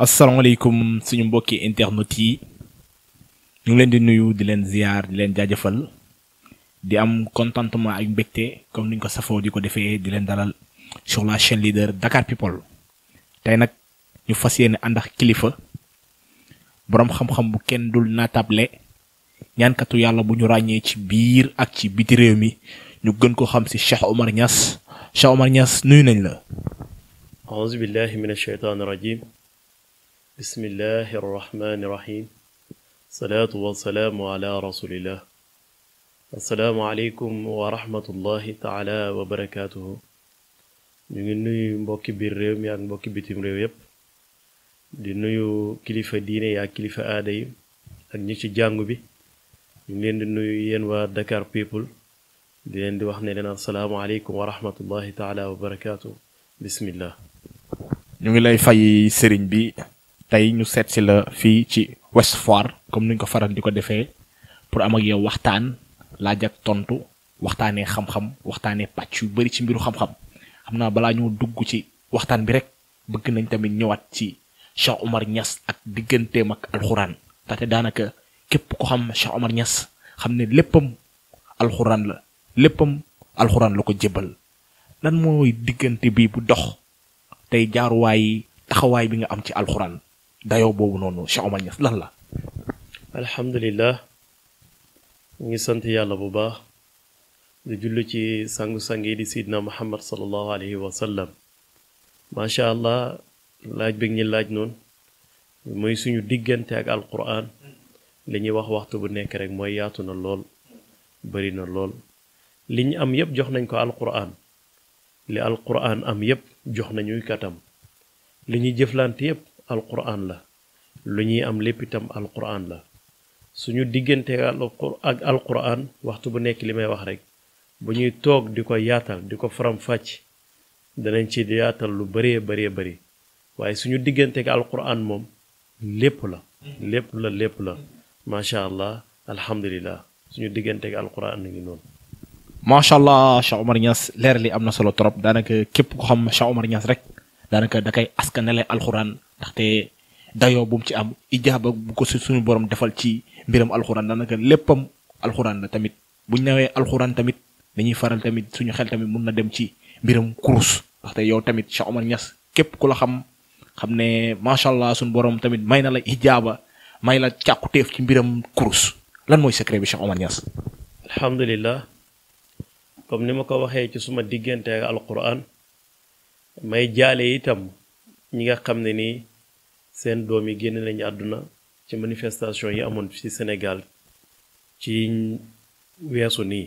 asalaamaaleykum suñu mbokki internet yi ñu ngi leen di nuyu di leen ziar di leen jaajëfal di am contentement ak mbégte comme niñ ko safoo di ko defee di leen dalal sur la chaîne leader Dakar People tey nag ñu fas yéene àndax kilifa boroom xam-xam bu kenn dul naatable ñaankatu yàlla bu ñu ràññee ci biir ak ci biti réew mi ñu gën ko xam si Cheikh Omar Niass nuyu nañ la. aouzu bismillahi arrahmani irrahim salaatu wasalaamu ala rasulillah assalaamu aleykum wa rahmatullahi taala wa barakaatuhu ñu ngi nuyu mbokki biir réew mi ak mbokki bitim réew yépp di nuyu kilifa diine yi ak kilifa aada yi ak ñi ci jàngu bi ñu ngi leen di nuyu yéen waa Dakar People di leen di wax ne leen assalaamu aleykum wa rahmatullahi taala wa barakaatuhu bismillah ñu ngi lay fay sëriñ bi tey ñu seet si la fii ci Ouest Foire comme ni ko faral di ko defee pour am ak yow waxtaan laaj ak tontu waxtaanee xam-xam waxtaanee pàcc yu bari ci mbiru xam-xam naa balaa ñu dugg ci waxtaan bi rek bëgg nañ tamit ñëwaat ci Cheikh Omar Niass ak digganteem ak alxuraan ndaxte daanaka képp ko xam Cheikh Omar Niass xam ne léppam alxuraan la léppam alxuraan la ko jébbal nan mooy diggante bi bu dox tey jaaruwaay taxawaay bi nga am ci alxuraan dayoo boobu noonu Cheikh Omar Niass lan la. alhamdulilah ñu ngi sant yàlla bu baax di jullu ci sangu-sang yi di sidna muhammad sallallahu alayhi wa sallam macha allah laaj bi ñi laaj noonu mooy suñu diggante ak alquran li ñuy wax waxtu bu nekk rek mooy yaatu na lool bëri na lool li ñu am yépp jox nañ ko alquran li alquran am yépp jox nañuy katam li ñuy jëflant yépp alquran la lu ñuy am lépp itam alquran la suñu diggante ak alquran waxtu bu nekk li may wax rek bu ñuy toog di ko yaatal di ko faram-fàcc danañ ci yaatal lu bare bare bëri waaye suñu diggante ak alquran moom lépp la lépp la lépp la macha allah alhamdulilah suñu diggante ak alquran a ngi noonu macha allah Cheikh Omar Niass leer li am na solo trop daanaka képp ko xam Cheikh Omar Niass rek daanaka da koy askanale alxuraan ndaxte dayoo bu ci am ijaaba bu ko suñu borom defal ci mbiram alxuraan daanaka léppam alxuraan la tamit bu ñu nawee alxuraan tamit dañuy faral tamit suñu xel tamit mun na dem ci mbiram kurus ndaxte yow tamit Cheikh Omar Niass képp ku la xam xam ne macha allah suñu boroom tamit may na la ijaaba may la càkkutéef ci mbiram kurus lan mooy secret bi Cheikh Omar Niass. alhamdulilah ni ma ko waxee ci suma diggante ak may jaale itam ñi nga xam ne nii seen doom yi génne nañu àdduna ci manifestation yi amoon ci Sénégal ci weesu nii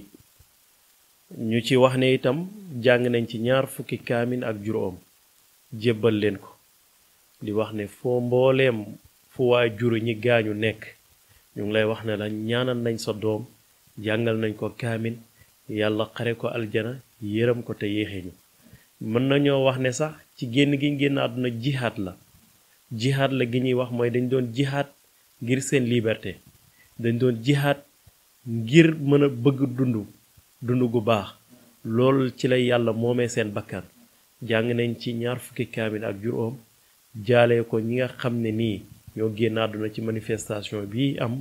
ñu ci wax ne itam jàng nañ ci ñaar fukki kaamin ak juróom jébbal leen ko di wax ne foo mbooleem fu waa juru ñi gaañu nekk ñu ngi lay wax ne la ñaanal nañ sa doom jàngal nañ ko kaamin yàlla xare ko aljana yërëm ko te yéexee ñu mën nañoo wax ne sax ci génn gi ñu génn àdduna jihaad la jihaad la gi ñuy wax mooy dañ doon jihaad ngir seen liberté dañ doon jihaad ngir mën a bëgg dund dund gu baax loolu ci la yàlla moomee seen bakkan jàng nañ ci ñaar fukki kaamil ak juróom jaalee ko ñi nga xam ne nii ñoo génn àdduna ci manifestation bii am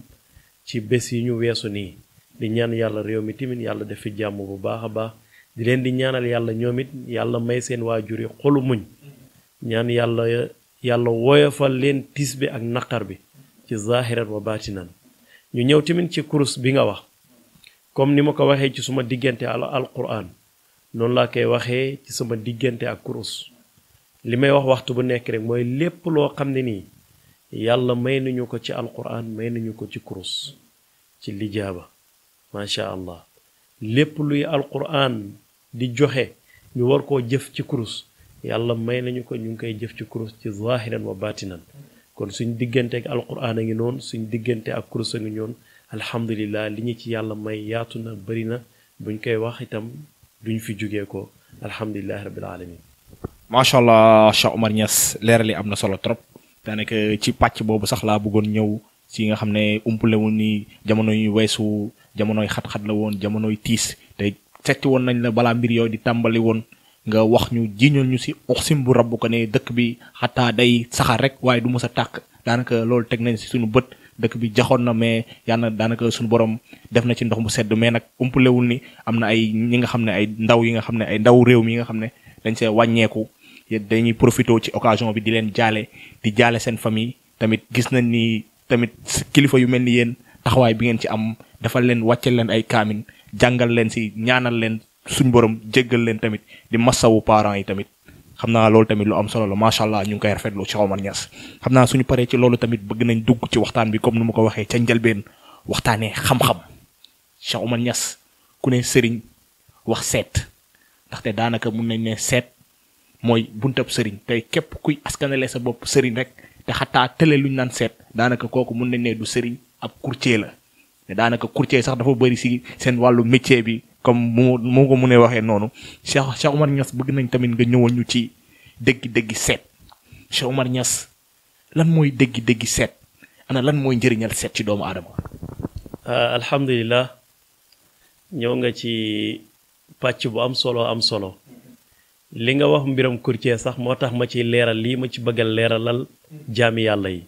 ci bés yi ñu weesu nii di ñaan yàlla réew mi tamit yàlla def fi jàmm bu baax a baax di leen di ñaanal yàlla ñoom it yàlla may seen waajur yi xolu muñ ñaan yàlla yàlla woyofal leen tiis bi ak naqar bi ci zaahiran wa baatinan ñu ñëw tamit ci kurus bi nga wax comme ni ma ko waxee ci suma diggante al alquran noonu laa koy waxee sama diggante ak kurus li may wax waxtu bu nekk rek mooy lépp loo xam ne nii yàlla may nañu ko ci alquran may nañu ko ci kurus ci lijaaba macha allah lépp luy alquran di joxe ñu war koo jëf ci kurus yàlla may nañu ko ñu ngi koy jëf ci kurus ci zahiran wa baatinan kon suñ diggante ak alquran a ngi noonu suñ diggante ak kurus a ngi noonu alhamdulilah li ñu ci yàlla may yaatu na bari na buñ koy wax itam ñu fi jugee ko alhamdulilah rabbil alamin macha allah Cheikh Omar Niass leeral yi am na solo trop daanaka ci pàcc boobu sax laa bëggoon ñëw ci nga xam ne umpale wu ni jamono ñuy weesu jamonoy xat-xat la woon jamonoy tiis seeti woon nañ la balaa mbir yooyu di tàmbali woon nga wax ñu jiñal ñu si uxsim bu rabbu ko ne dëkk bi xataa day saxar rek waaye du mës a tàkk daanaka loolu teg nañ si suñu bët dëkk bi jaxoon na mais yàlla daanaka suñu borom def na ci ndox mu sedd mais nag umpalewul ni am na ay ñi nga xam ne ay ndaw yi nga xam ne ay ndaw réew mi nga xam ne dañ see wàññeeku dañuy profité ci occasion bi di leen jaale di jaale seen famille tamit gis nañ ni tamit kilifa yu mel ni yéen taxawaay bi ngeen ci am dafa leen wàcce leen ay kaamin jàngal leen si ñaanal leen suñ borom jéggal leen tamit di masawu parents yi tamit xam naa loolu tamit lu am solo la macha allah ñu ngi koy rafetlu ci Omar Niass xam naa suñu paree ci loolu tamit bëgg nañ dugg ci waxtaan bi comme nu ma ko waxee ca njëlbeen waxtaanee xam-xam Cheikh ñas ku ne sëriñ wax seet ndaxte daanaka mun nañ ne seet mooy buntab sëriñ tey képp kuy askanale sa bopp sëriñ rek te xataa tële luñ naan seet daanaka kooku mun nañ ne du sëriñ ab courtier la. ne daanaka courtier sax dafa bëri si seen wàllu métier bi comme mu mu ko mënee waxee noonu Cheikh Cheikh Omar Niass bëgg nañ tamit nga ñëwoon ci dégg-dégg seet Cheikh lan mooy dégg-dégg seet ana lan mooy njëriñal seet doomu aadama. Ah, alhamdulilah ñëw nga ci pàcc bu am solo am solo li nga wax mbiram courtier sax moo tax ma ci leeral lii ma ci bëggal leeralal jaami yàlla yi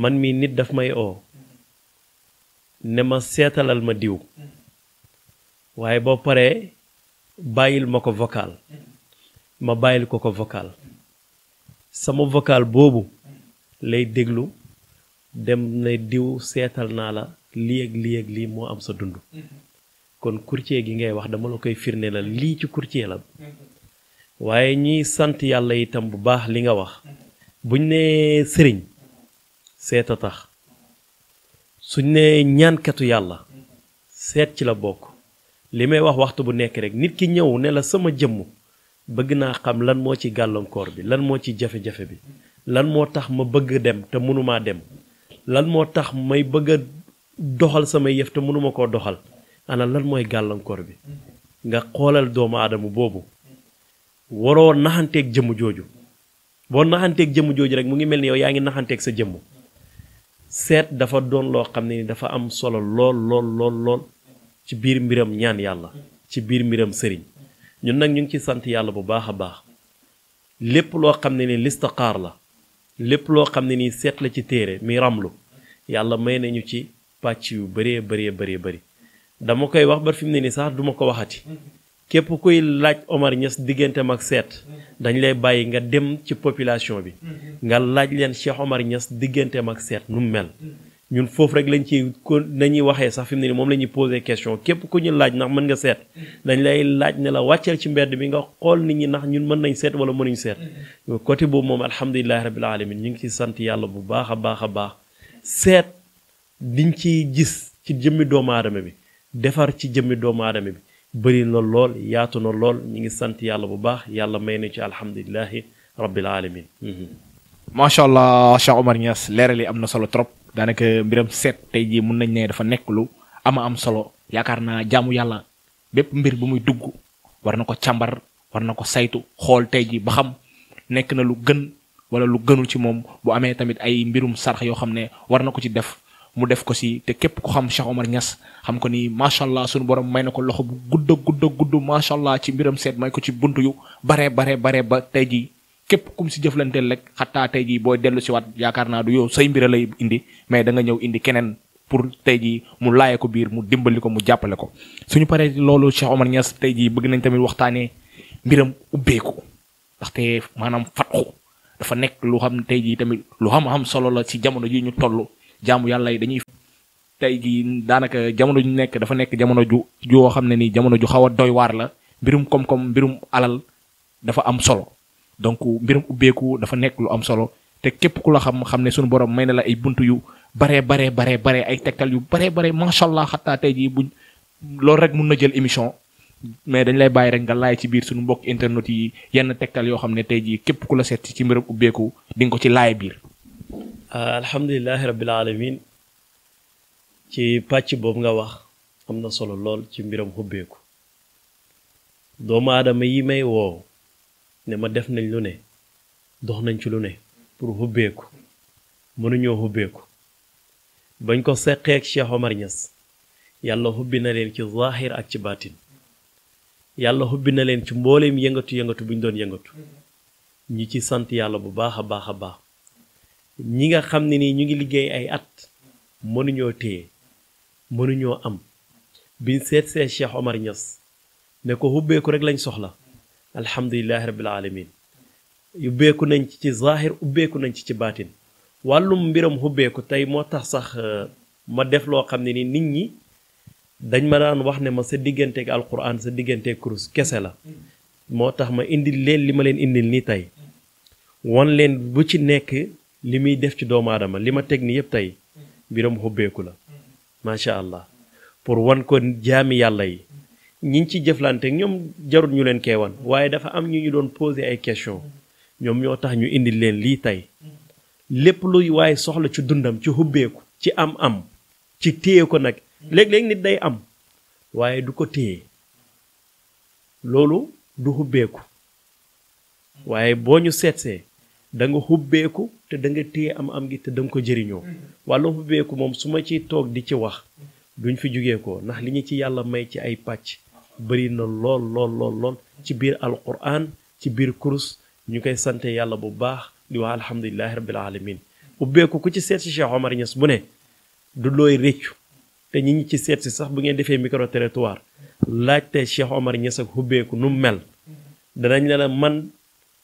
man mii nit daf may oo. ne ma seetalal ma diw waaye boo paree bàyyil ma ko vocal ma bàyyil ko ko vocal sama vocal boobu lay déglu dem ne diw seetal naa la lii ak li ak lii moo am sa dund kon courtier gi ngay wax dama la koy firnde la lii ci courtier la waaye ñiy sant yàlla itam bu baax li nga wax buñ ne sëriñ seet a tax suñ nee ñaankatu yàlla seet ci la bokk li may wax waxtu bu nekk rek nit ki ñëw ne la sama jëmm bëgg naa xam lan moo ci gàllankoor bi lan moo ci jafe-jafe bi lan moo tax ma bëgg dem te mënumaa dem lan moo tax may bëgg a doxal sama yëf te mënuma koo doxal ana lan mooy gàllankoor bi nga xoolal doomu aadama boobu waroo naxanteeg jëmm jooju boo naxanteeg jëmm jooju rek mu ngi mel ni yow yaa ngi naxanteeg sa jëmm seet dafa doon loo xam ne ni dafa am solo lool lool lool ci biir mbiram ñaan yàlla ci biir mbiram sëriñ ñun nag ñu ngi ci sant yàlla bu baax a baax lépp loo xam ne ni listixaar la lépp loo xam ne ni seet la ci téere mi ramlu yàlla may nañu ci pàcc yu bëree bëree bëree bëri dama koy wax ba fi mu ne ni sax duma ko waxati képp kuy laaj Omar Niass digganteem seet dañ lay bàyyi nga dem ci population bi nga laaj leen Cheikh Omar Niass digganteem ak seet nu mu mel ñun foofu rek lañ ci ko nañuy waxee sax fi moom la ñuy posé question képp ku ñu laaj ndax mën nga seet dañ lay laaj ne la wàcceel ci mbedd bi nga xool nit ñi ndax ñun mën nañ seet wala mënuñ seet côté boobu moom alhamdulilahi rabbil alamin ñu ngi ci sant yàlla bu baax a baax a baax seet diñ ci gis ci jëmmi doomu aadama bi defar ci jëmmi doomu aadama bi bëri na lool yaatu na lool ñu ngi sant yàlla bu baax yàlla may na ci alhamdulilahi rabbil alamin mhm. macha allah Cheikh Omar Niass leeral yi am na solo trop daanaka mbiram seet tey jii mun nañ ne dafa nekk lu ama am solo yaakaar naa jaamu yàlla bépp mbir bu muy dugg war na ko càmbar war na ko saytu xool tey ji ba xam nekk na lu gën wala lu gënul ci moom bu amee tamit ay mbirum sarax yoo xam ne war na ko ci def mu def ko si te képp ku xam Cheikh Omar Niass xam ko ni macha allah sunu borom may na ko loxo bu gudd a gudd a macha allah ci mbiram seet may ko ci bunt yu baree baree baree ba tey jii képp kum si jëflanteel rek xataa tey jii booy dellu si waat yaakaar naa du yow say mbira lay indi mais da ñëw indi keneen. pour tey jii mu laaye ko biir mu dimbali ko mu jàppale ko suñu paree loolu Cheikh Omar Niass tey jii bëgg nañ tamit waxtaanee mbiram ubbeeku ndaxte maanaam fatxu dafa nekk lu xam tey jii tamit lu xam-xam solo la ci jamono ji ñu toll jaamu yàlla yi dañuy tey jii daanaka jamono ju nekk dafa nekk jamono ju joo xam ne ni jamono ju xaw a doy waar la mbirum koom-koom mbirum alal dafa am solo donc mbirum ubbeeku dafa nekk lu am solo te képp ku la xam xam ne suñu borom may na la ay bunt yu baree baree baree baree ay tegtal yu baree baree macha allah xataa tey jii buñ loolu rek mun na jël émission mais dañ lay bàyyi rek nga laay ci biir suñu mbokk internet yi yenn tegtal yoo xam ne tey jii képp ku la seet ci mbirum ubbeeku ci laay biir. Euh, alhamdulilahi rabbil alamin ci pàcc boobu nga wax am na solo lool ci mbiram xubbeeku doomu aadama yi may woow ne ma def nañ lu ne dox nañ ci lu ne pour xubbeeku mënuñoo xubbeeku bañ ko seqee ak Cheikh Omar Niass na leen ci zaahir ak ci baatin yàlla xubbi na leen ci mbooleem yëngatu yëngatu bu ñu doon yëngatu ñi ci sant yàlla bu baax a baax a baax ñi nga xam ne nii ñu ngi liggéey ay at mënuñoo téye mënuñoo am biñ seet see Cheikh Omar Niass ne ko ubbeeku rek lañ soxla alhamdulilahi rabbil alamin ubbeeku nañ ci ci zahir ubbeeku nañ ci ci baatin wàllum mbiram ubbeeku tey moo tax sax euh, ma def loo xam ne ni nit ñi dañ ma daan wax ne ma sa digganteeg alquran sa digganteeg kurus kese la moo tax ma indi leen li ma leen indil nii tey wan leen bu ci nekk li muy def ci doomu li ma teg nii yëpp tey biram xubbeeku la macha allah pour wan ko jaami yàlla yi ñi ci jëflante ñoom jarul ñu leen keewan waaye dafa am ñu ñu doon posé ay question ñoom ñoo tax ñu indi leen lii tey lépp luy waaye soxla ci dundam ci xubbeeku ci am-am ci téye ko nag léeg-léeg nit day am waaye du ko téye loolu du xubbeeku waaye boo ñu seetsee da nga xubbeeku te da nga téye am-am gi te da nga ko jëriñoo mm-hmm. wàllu xubbeeku moom su ma ci toog di ci wax duñ fi jugee ko ndax li ñu ci yàlla may ci ay pàcc bëri na lool lool lool lool ci biir alquran ci biir kurus ñu koy sante yàlla bu baax di wax alhamdulilahi rabbil alamin ubbeeku ku ci seet si Cheikh Omar Niass bu ne du looy réccu te ñi ñi ci seet si sax bu ngeen defee micro territoire laajte Cheikh Omar Niass ak ubbeeku nu mel danañ la man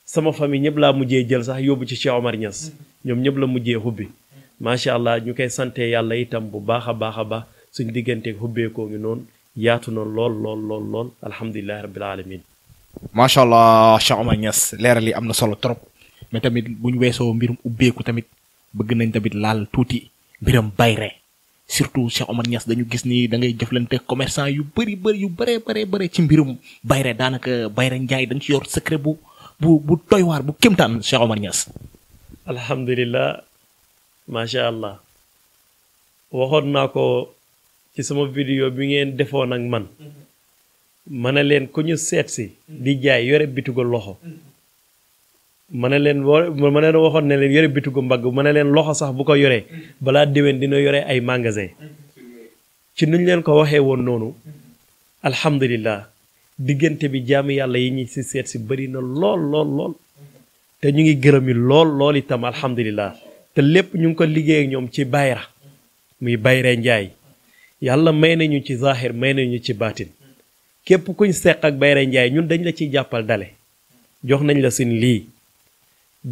sama famille ñëpp laa mujjee jël sax yóbbu ci Cheikh Omar Niass mm-hmm. ñoom ñëpp la mujjee hubbi macha allah ñu koy sante yàlla itam bu baax a baax a baax suñ digganteeg xubbeekoo ngi noonu yaatu na lool lool lool lool alhamdulilahi rabbil alamin macha allah Cheikh Omar Niass leeral yi am na solo trop mais tamit bu ñu weesoo mbirum ubbeeku tamit bëgg nañ tamit laal tuuti mbiram bayre surtout Cheikh Omar Niass dañu gis nii da ngay jëflante commercant yu bëri bëri yu bëree bëree bëri ci mbirum bayre daanaka bayre njaay dañ ci yor secret bu bu doy waar bu kémtaan Cheikh Omar Niass. alhamdulilah macha allah waxoon naa ko ci sama vidéo bi ngeen defoon nag man ma ne leen ku ñu seet si. di jaay yore bitigu loxo. ma ne leen boo ma ne leen waxoon ne leen yore bitigu mbagg ma ne leen loxo sax bu ko yore balaa déwén dina yore ay magasin ci nuñ leen ko waxee woon noonu alhamdulilah. diggante bi jaami yàlla yi ñi ci seet si bëri na lool lool te ñu ngi gërëm yi lool lool itam alhamdulilah te lépp ñu ngi ko liggéey ak ñoom ci bayra muy bayre njaay yàlla may nañu ci saaxir may nañu ci baatin képp kuñ seq ak bayre njaay ñun dañ la ciy jàppal dale jox nañ la sin lii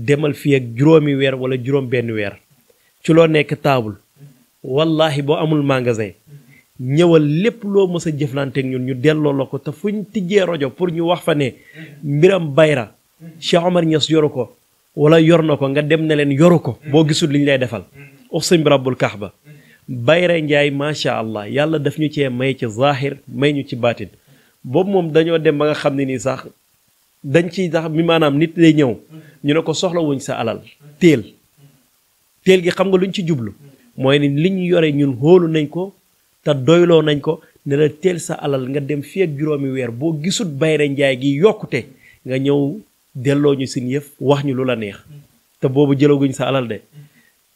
demal fi ak juróomi weer wala juróom benn weer ci loo nekk taabul wallahi boo amul magasin ñëwal lépp loo mës a jëflanteeg ñun ñu delloo la ko te fuñ tijjee rajo pour ñu wax fa ne mbiram bayra Cheikh Omar yoru ko wala yor na ko nga dem na leen yoru ko boo gisul li ñu lay defal uqsim bi rabbul kaxba bayra njaay macha allah yàlla daf ñu cee may ci zahir may ñu ci baatin boobu moom dañoo dem ba nga xam ne nii sax dañ ci sax mi maanaam nit day ñëw ñu ne ko soxla wuñ sa alal teel teel gi xam nga luñ ci jublu mooy ni li ñu yore ñun hóolu nañ ko te doyloo nañ ko ne teel sa alal nga dem fi ak juróomi weer boo gisut bayre njaay gi yokkute nga ñëw delloo ñu sin yëf wax ñu lu la neex te boobu jëlaguñ sa alal de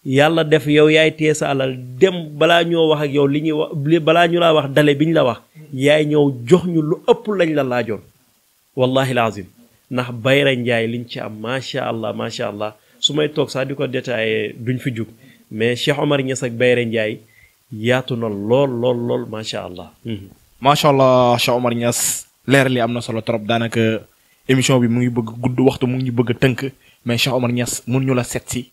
yàlla def yow yaay tee sa alal dem balaa ñoo wax ak yow li ñuy wax balaa ñu laa wax dale bi ñu la wax yaay ñëw jox ñu lu ëpp lañ la laajoon wallahi laazim ndax bayra njaay liñ ci am macha allah macha allah su may toog sax di ko détaillé duñ fi jug mais Cheikh Omar Niass ak bayra njaay yaatu na lool lool lool macha allah. Hmm. macha allah Cheikh Omar Niass leer li am na solo trop daanaka émission bi mu ngi bëgg gudd waxtu mu ngi bëgg tënk mais Cheikh Omar Niass mun ñu la set si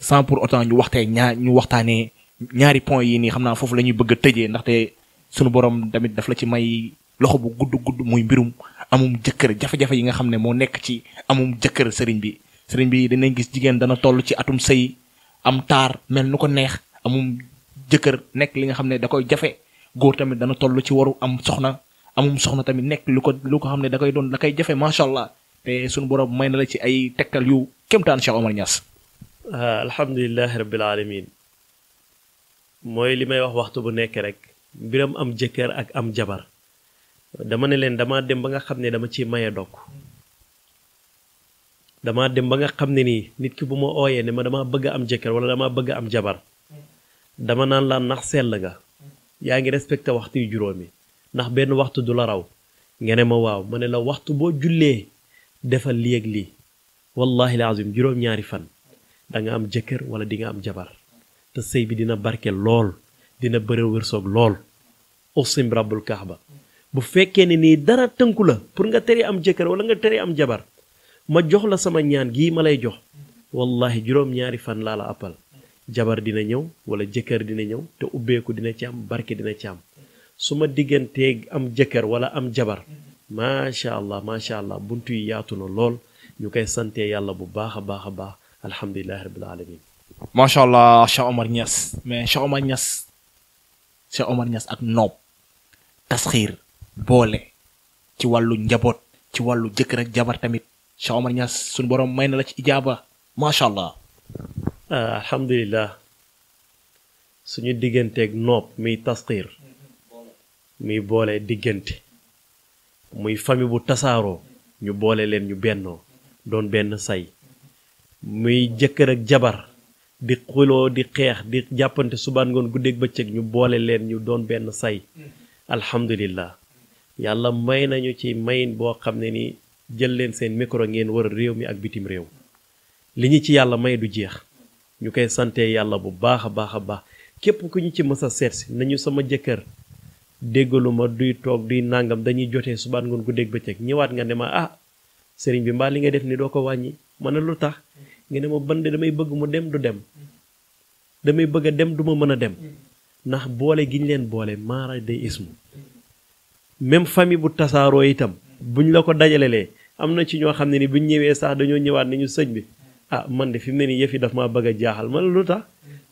sans pour autant ñu waxtee ñaar ñu waxtaanee ñaari point yi nii xam naa foofu la ñuy bëgg a tëjee ndaxte sunu borom tamit daf la ci may loxo bu gudd gudd muy mbirum amum jëkkër jafe-jafe yi nga xam ne moo nekk ci amum jëkkër sëriñ bi sëriñ bi dinañ gis jigéen dana toll ci atum sëy am taar mel nu ko jëkkër nekk li nga xam ne da koy jafe góor tamit dana toll ci waru am soxna amum soxna tamit nekk lu ko lu ko xam ne da doon da koy jafe macha allah suñu borom may na la ci ay tegtal yu kémtaan Cheikh Omar Niass. Ah, alhamdulilahi rabbil li may wax waxtu bu nekk rek mbiram am jëkkër ak am jabar dama ne leen dama dem ba nga xam ne dama ci maye dokk dama dem ba nga xam ne nii nit ki bu ma ooyee ne ma dama bëgg am jëkkër wala dama bëgg am jabar dama naan laan ndax sell nga yaa ngi respecté waxtu yu juróomi ndax benn waxtu du la raw nga ne ma waaw ma ne la waxtu boo jullee defal lii ak lii wallahi laazim juróom-ñaari fan da nga am jëkkër wala di nga am jabar te sëy bi dina barke lool dina bëre wërsoog lool usim rabbul ba bu fekkee ne nii dara tënku la pour nga tere am jëkkër wala nga tere am jabar ma jox la sama ñaan gii ma lay jox wallahi juróom-ñaari fan laa la appal jabar dina ñëw wala jëkkër dina ñëw te ubbeeku dina ci am barke dina ci am su ma digganteeg am jëkkër wala am jabar macha allah macha allah bunt yu yaatu na lool ñu koy santee yàlla bu baax a baax a baax alhamdulilahi rabbil alamin macha allah Cheikh Omar Niass mais Cheikh Omar ñas Cheikh Omar Niass ak noob tasxiir ci wàllu njaboot ci wàllu jëkkër ak jabar tamit Cheikh Omar Niass suñu borom may na la ci ijaaba macha allah Euh, alhamdulilah suñu digganteek nopp muy tasxiir muy boole diggante muy famille bu tasaaroo ñu boole leen ñu bennoo doon benn say muy jëkkër ak jabar di xuloo di xeex di jàppante subaan ngoon guddeeg bëccëg ñu boole leen ñu doon benn say alhamdulilah yàlla may nañu ci mayin boo xam ne ni jël leen seen micro ngeen wara réew mi ak bitim réew li ñu ci yàlla may du jeex ñu koy sante yàlla bu baax a baax a baax képp ku ñu ci mës a seet si nañu sama jëkkër déggalu ma duy toog duy nàngam dañuy jotee subaat ngoon gu dégg bëccëg ñëwaat nga ne ma ah sëriñ bi mbaa li ngay def ni doo ko wàññi mën na lu tax nga ne ma bande damay bëgg mu dem du dem damay bëgg a dem duma ma mën a dem ndax boole gi ñu leen boole maara day ismu même famille bu tasaaroo itam buñ la ko dajaleelee am na ci ñoo xam ne ni buñ ñëwee sax dañoo ñëwaat ni ñu sëñ bi ah man de fi mu ne nii maa bëgg a jaaxal man lu tax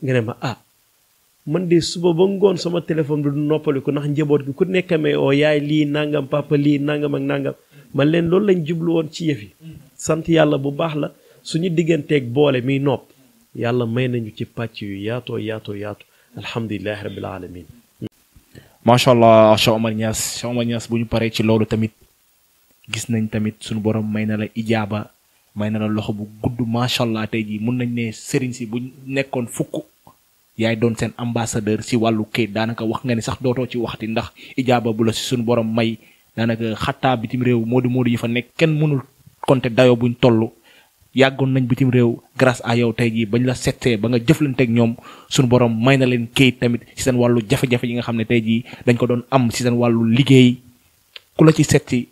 nga ne ma ah man de suba ba ngoon sama téléphone bi du noppaliku ndax njaboot gi ku nekk may oo oh, yaay lii nangam papa lii nangam ak nangam man leen loolu lañ jublu woon ci yëf sant yàlla bu baax la suñu digganteeg boole miy nopp yàlla may nañu ci pàcc yu yaatoo yaatoo yaatoo alhamdulilahi rabbil alamin macha allah Cheikh Omar Niass Cheikh bu ñu paree ci loolu tamit gis nañ tamit suñu borom may na la ijaaba may na la loxo bu gudd macha allah tey jii mun nañ ne sëriñ si bu nekkoon fukk yaay doon seen ambassadeur si wàllu kayit daanaka wax nga ni sax dootoo ci waxti ndax ijaaba bu la suñu borom may daanaka xattaa bitim réew moodu moodu yi fa nekk kenn mënul compter dayoo buñ toll yàggoon nañ bitim réew grâce à yow tey jii bañ la settee ba nga jëflanteeg ñoom suñu borom may na leen kayit tamit si seen wàllu jafe-jafe yi nga xam ne tey jii dañ ko doon am si seen wàllu liggéey ku la ci setti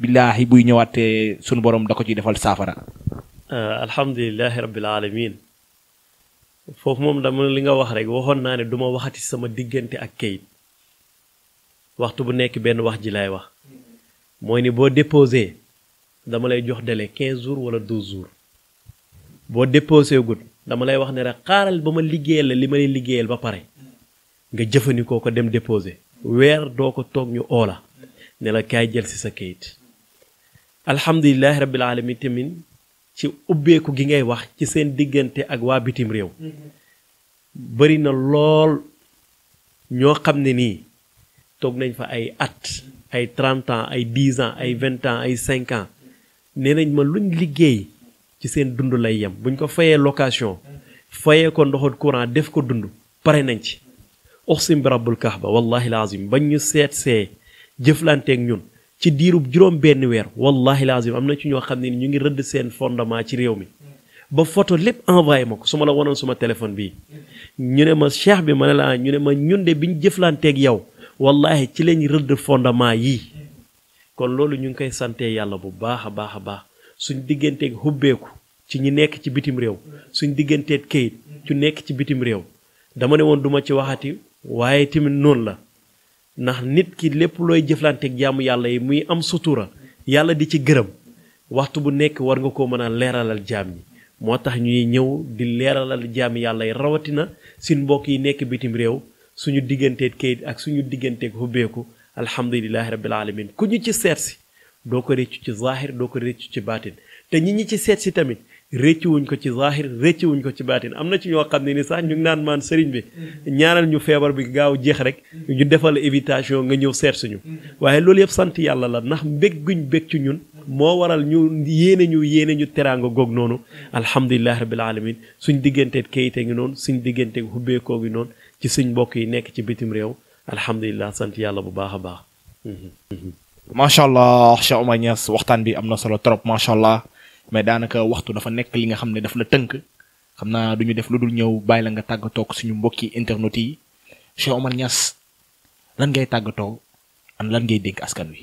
billaahi buy ñëwaatee suñu borom da ko ci defal saafara. Euh, alhamdulilahi rabbil alamin foofu moom dama li nga wax rek waxoon naa ne duma ma waxati sama diggante ak kayit waxtu bu nekk benn wax ji laay wax mooy ni boo déposé dama lay jox dele 15 jours wala 12 jours boo déposé gut dama lay wax ne rek xaaral ba ma liggéeyal la li ma lay liggéeyal ba pare nga jëfandikoo ko dem déposé weer doo ko toog ñu oola ne la kaay jël si sa kayit alhamdulilahi rabbil alamin tamit ci ubbeeku gi ngay wax ci seen diggante ak waa bitim réew bëri na lool ñoo xam ne nii toog nañ fa ay at ay 30 ans ay 10 ans ay 20 ans ay 5 ans nee nañ ma luñ liggéey ci seen dund lay yem buñ ko fayee location fayee ko ndoxu courant def ko dund pare nañ ci uxsim bi rabbul kaaba wallahi lazim bañ ñu seet see jëflanteeg ñun ci diiru juróom-benn weer wallahi lazim am na ci ñoo xam ne ñu ngi rëdd seen fondement ci réew mi ba photo lépp envoyé ma ko suma la wonoon suma téléphone bii ñu ne ma cheikh bi ma ne la ñu ne ma ñun de bi ñu jëflanteeg yow wallahi ci lañ rëdd fondement yii kon loolu ñu ngi koy sante yàlla bu baax a baax a baax suñ digganteeg hubbeeku ci ñi nekk ci bitim réew suñ digganteeg kayit ci nekk ci bitim réew dama ne woon duma ci waxati waaye tamit noonu la ndax nit ki lépp looy jëflanteeg jaamu yàlla yi muy am sutura yàlla di ci gërëm waxtu bu nekk war nga ko mën a leeralal jaam yi moo tax ñuy ñëw di leeralal jaam yàlla rawatina suñ mbokk yi nekk bitim réew suñu digganteeg kayit ak suñu digganteeg hubbeeku alhamdulilahi rabbil alamin ku ñu ci seet si doo ko réccu ci zahir doo ko réccu ci baatin te ñi ñi ci seet tamit réccuwuñ ko ci zahir réccuwuñ ko ci baatin am na ci ñoo xam ne ni sax ñu ngi naan maan sëriñ bi ñaanal ñu feebar bi gaaw jeex rek ñu defal invitation nga ñëw seet suñu waaye loolu yëpp sant yàlla la ndax mbég guñ ci ñun moo waral ñu yéene ñu yéene ñu teraanga goog noonu alhamdulilah rabbil alamin suñ digganteeg kayite ngi noonu suñ digganteeg xubbeekoo gi noon ci suñ mbokk yi nekk ci bitim réew alhamdulilah sant yàlla bu baax a baax macha allah waxtaan bi am na solo trop macha allah mais daanaka waxtu dafa nekk li nga xam ne daf la tënk xam naa du ñu def lu dul ñëw bàyyi la nga tàggatoo ak suñu mbokki internet yi Cheikh Omar Niass lan ngay tàggatoo am lan ngay dénk askan wi.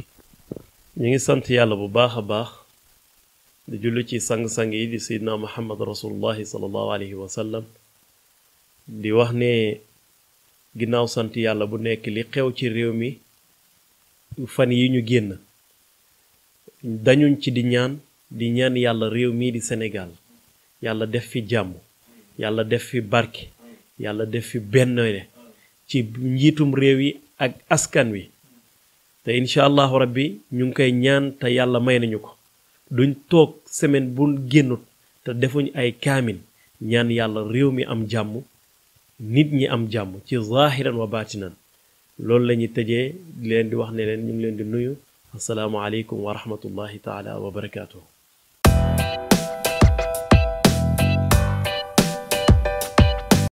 ñu ngi sant yàlla bu baax a baax di jullu ci sang-sang yi di sayyidina Muhammad rasulullahi sallallahu alayhi wa sallam di wax ne ginnaaw sant yàlla bu nekk li xew ci réew mi fan yi ñu génn dañuñ ci di ñaan. di ñaan yàlla réew mii di Sénégal yàlla def fi jàmm yàlla def fi barke yàlla def fi benn ci njiitum réew yi ak askan wi te incha allahu rabbi ñu ngi koy ñaan te yàlla may nañu ko duñ toog semaine bu génnut te defuñu ay kaamil ñaan yàlla réew mi am jàmm nit ñi am jàmm ci zaahiran wa baatinan loolu la ñuy tëjee leen di wax ne leen ñu ngi leen di nuyu assalaamu aleykum wa rahmatullahi taala wa barakaatuhu